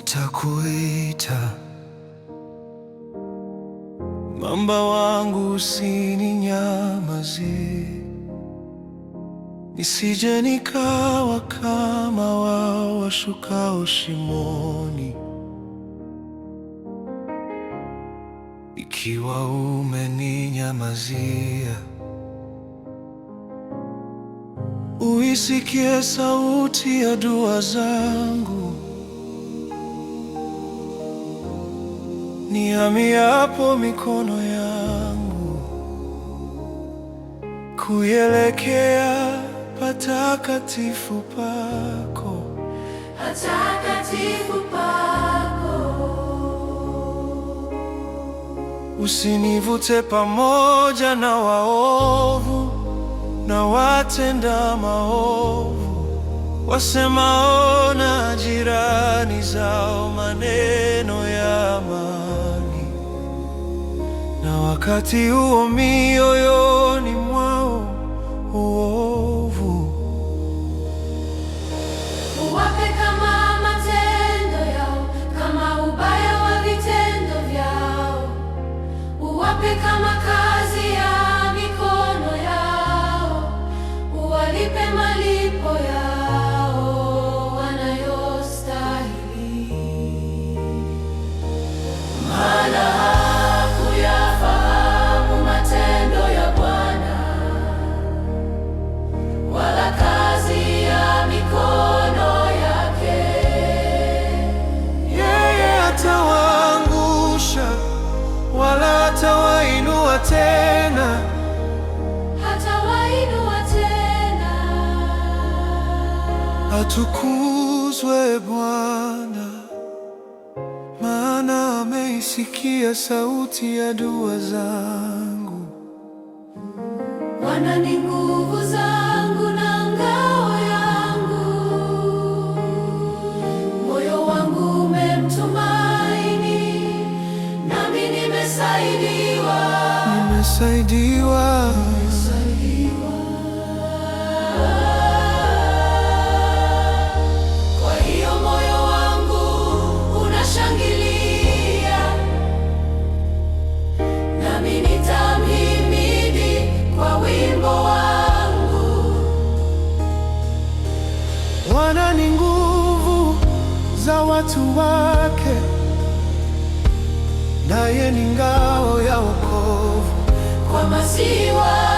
nitakuita mamba wangu, usininyamazie, nisije nikawa kama wao washukao shimoni. Ikiwa umeninyamazia, uisikie sauti ya dua zangu. nihamiapo mikono yangu kuelekea patakatifu pako, patakatifu pako, usinivute pamoja na waovu na watenda maovu, wasemao na jirani zao maneno ya ma wakati huo mioyoni mwao uovu. Uwape kama matendo yao, kama ubaya wa vitendo vyao, uwape kama Atukuzwe Bwana, maana ameisikia sauti ya dua zangu. Bwana ni nguvu zangu. watu wake, naye ni ngao ya wokovu kwa maziwa